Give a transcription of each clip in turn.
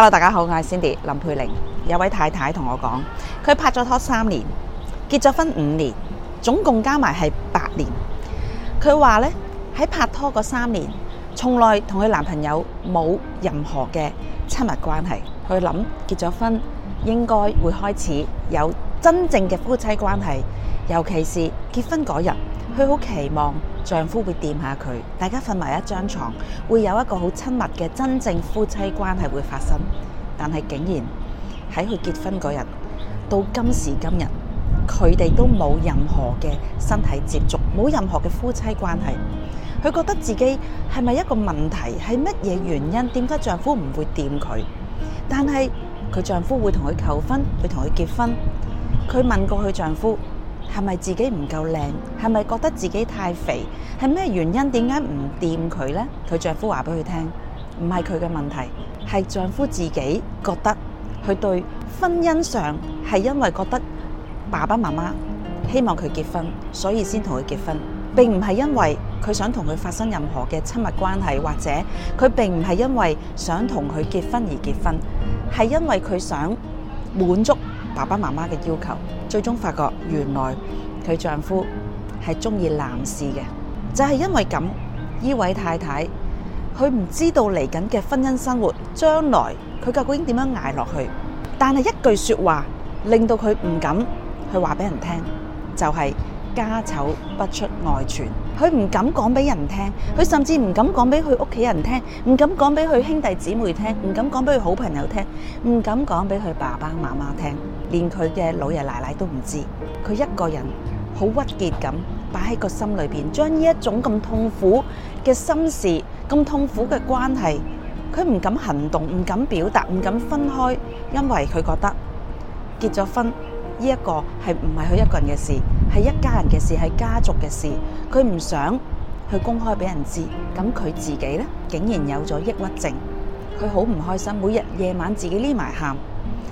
Hello 大家好，我係 Cindy 林佩玲。有位太太同我講，佢拍咗拖三年，結咗婚五年，總共加埋係八年。佢話咧，喺拍拖嗰三年，從來同佢男朋友冇任何嘅親密關係。佢諗結咗婚應該會開始有。真正嘅夫妻關係，尤其是結婚嗰日，佢好期望丈夫會掂下佢，大家瞓埋一張床，會有一個好親密嘅真正夫妻關係會發生。但係竟然喺佢結婚嗰日到今時今日，佢哋都冇任何嘅身體接觸，冇任何嘅夫妻關係。佢覺得自己係咪一個問題？係乜嘢原因點解丈夫唔會掂佢？但係佢丈夫會同佢求婚，會同佢結婚。佢問過佢丈夫：係咪自己唔夠靚？係咪覺得自己太肥？係咩原因？點解唔掂佢呢？佢丈夫話俾佢聽：唔係佢嘅問題，係丈夫自己覺得佢對婚姻上係因為覺得爸爸媽媽希望佢結婚，所以先同佢結婚。並唔係因為佢想同佢發生任何嘅親密關係，或者佢並唔係因為想同佢結婚而結婚，係因為佢想滿足爸爸媽媽嘅要求，最終發覺原來佢丈夫係中意男士嘅。就係因為咁，呢位太太佢唔知道嚟緊嘅婚姻生活將來佢究竟點樣捱落去，但係一句說話令到佢唔敢去，去話俾人聽就係家醜不出外傳，佢唔敢講俾人聽，佢甚至唔敢講俾佢屋企人聽，唔敢講俾佢兄弟姊妹聽，唔敢講俾佢好朋友聽，唔敢講俾佢爸爸媽媽聽。連佢嘅老爺奶奶都唔知，佢一個人好鬱結，咁擺喺個心裏邊，將呢一種咁痛苦嘅心事、咁痛苦嘅關係，佢唔敢行動、唔敢表達、唔敢分開，因為佢覺得結咗婚呢一個係唔係佢一個人嘅事，係一家人嘅事，係家族嘅事，佢唔想去公開俾人知，咁佢自己咧竟然有咗抑鬱症，佢好唔開心，每日夜晚自己匿埋喊。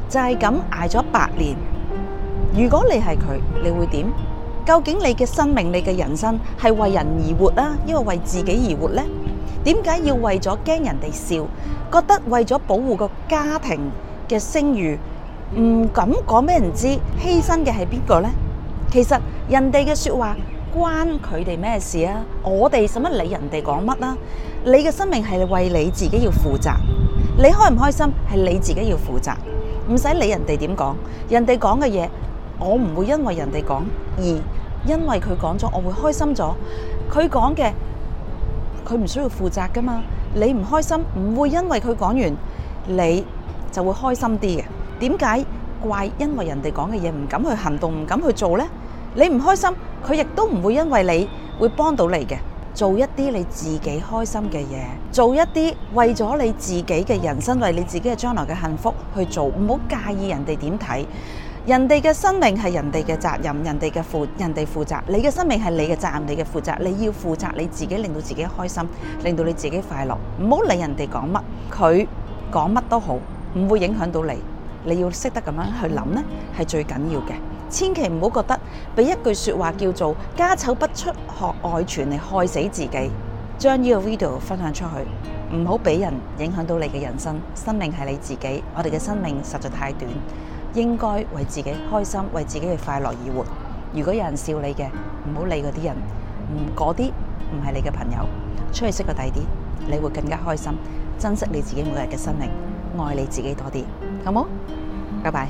就係咁挨咗八年。如果你係佢，你會點？究竟你嘅生命、你嘅人生係為人而活啦、啊，抑或為自己而活呢？點解要為咗驚人哋笑，覺得為咗保護個家庭嘅聲譽，唔敢講俾人知？犧牲嘅係邊個呢？其實人哋嘅說話關佢哋咩事啊？我哋使乜理人哋講乜啊？你嘅生命係為你自己要負責，你開唔開心係你自己要負責。唔使理人哋點講，人哋講嘅嘢，我唔會因為人哋講而因為佢講咗我會開心咗。佢講嘅，佢唔需要負責噶嘛。你唔開心，唔會因為佢講完你就會開心啲嘅。點解怪因為人哋講嘅嘢唔敢去行動，唔敢去做呢？你唔開心，佢亦都唔會因為你會幫到你嘅。做一啲你自己開心嘅嘢，做一啲為咗你自己嘅人生，為你自己嘅將來嘅幸福去做，唔好介意人哋點睇。人哋嘅生命係人哋嘅責任，人哋嘅負人哋負責，你嘅生命係你嘅責任，你嘅負責，你要負責你自己，令到自己開心，令到你自己快樂，唔好理人哋講乜，佢講乜都好，唔會影響到你。你要識得咁樣去諗咧，係最緊要嘅。千祈唔好覺得俾一句說話叫做家醜不出學外傳你害死自己，將呢個 video 分享出去，唔好俾人影響到你嘅人生、生。生命係你自己，我哋嘅生命實在太短，應該為自己開心，為自己嘅快樂而活。如果有人笑你嘅，唔好理嗰啲人，唔、嗰啲唔係你嘅朋友，出去識個第啲，你會更加開心，珍惜你自己每日嘅生命，愛你自己多啲，好冇？拜拜。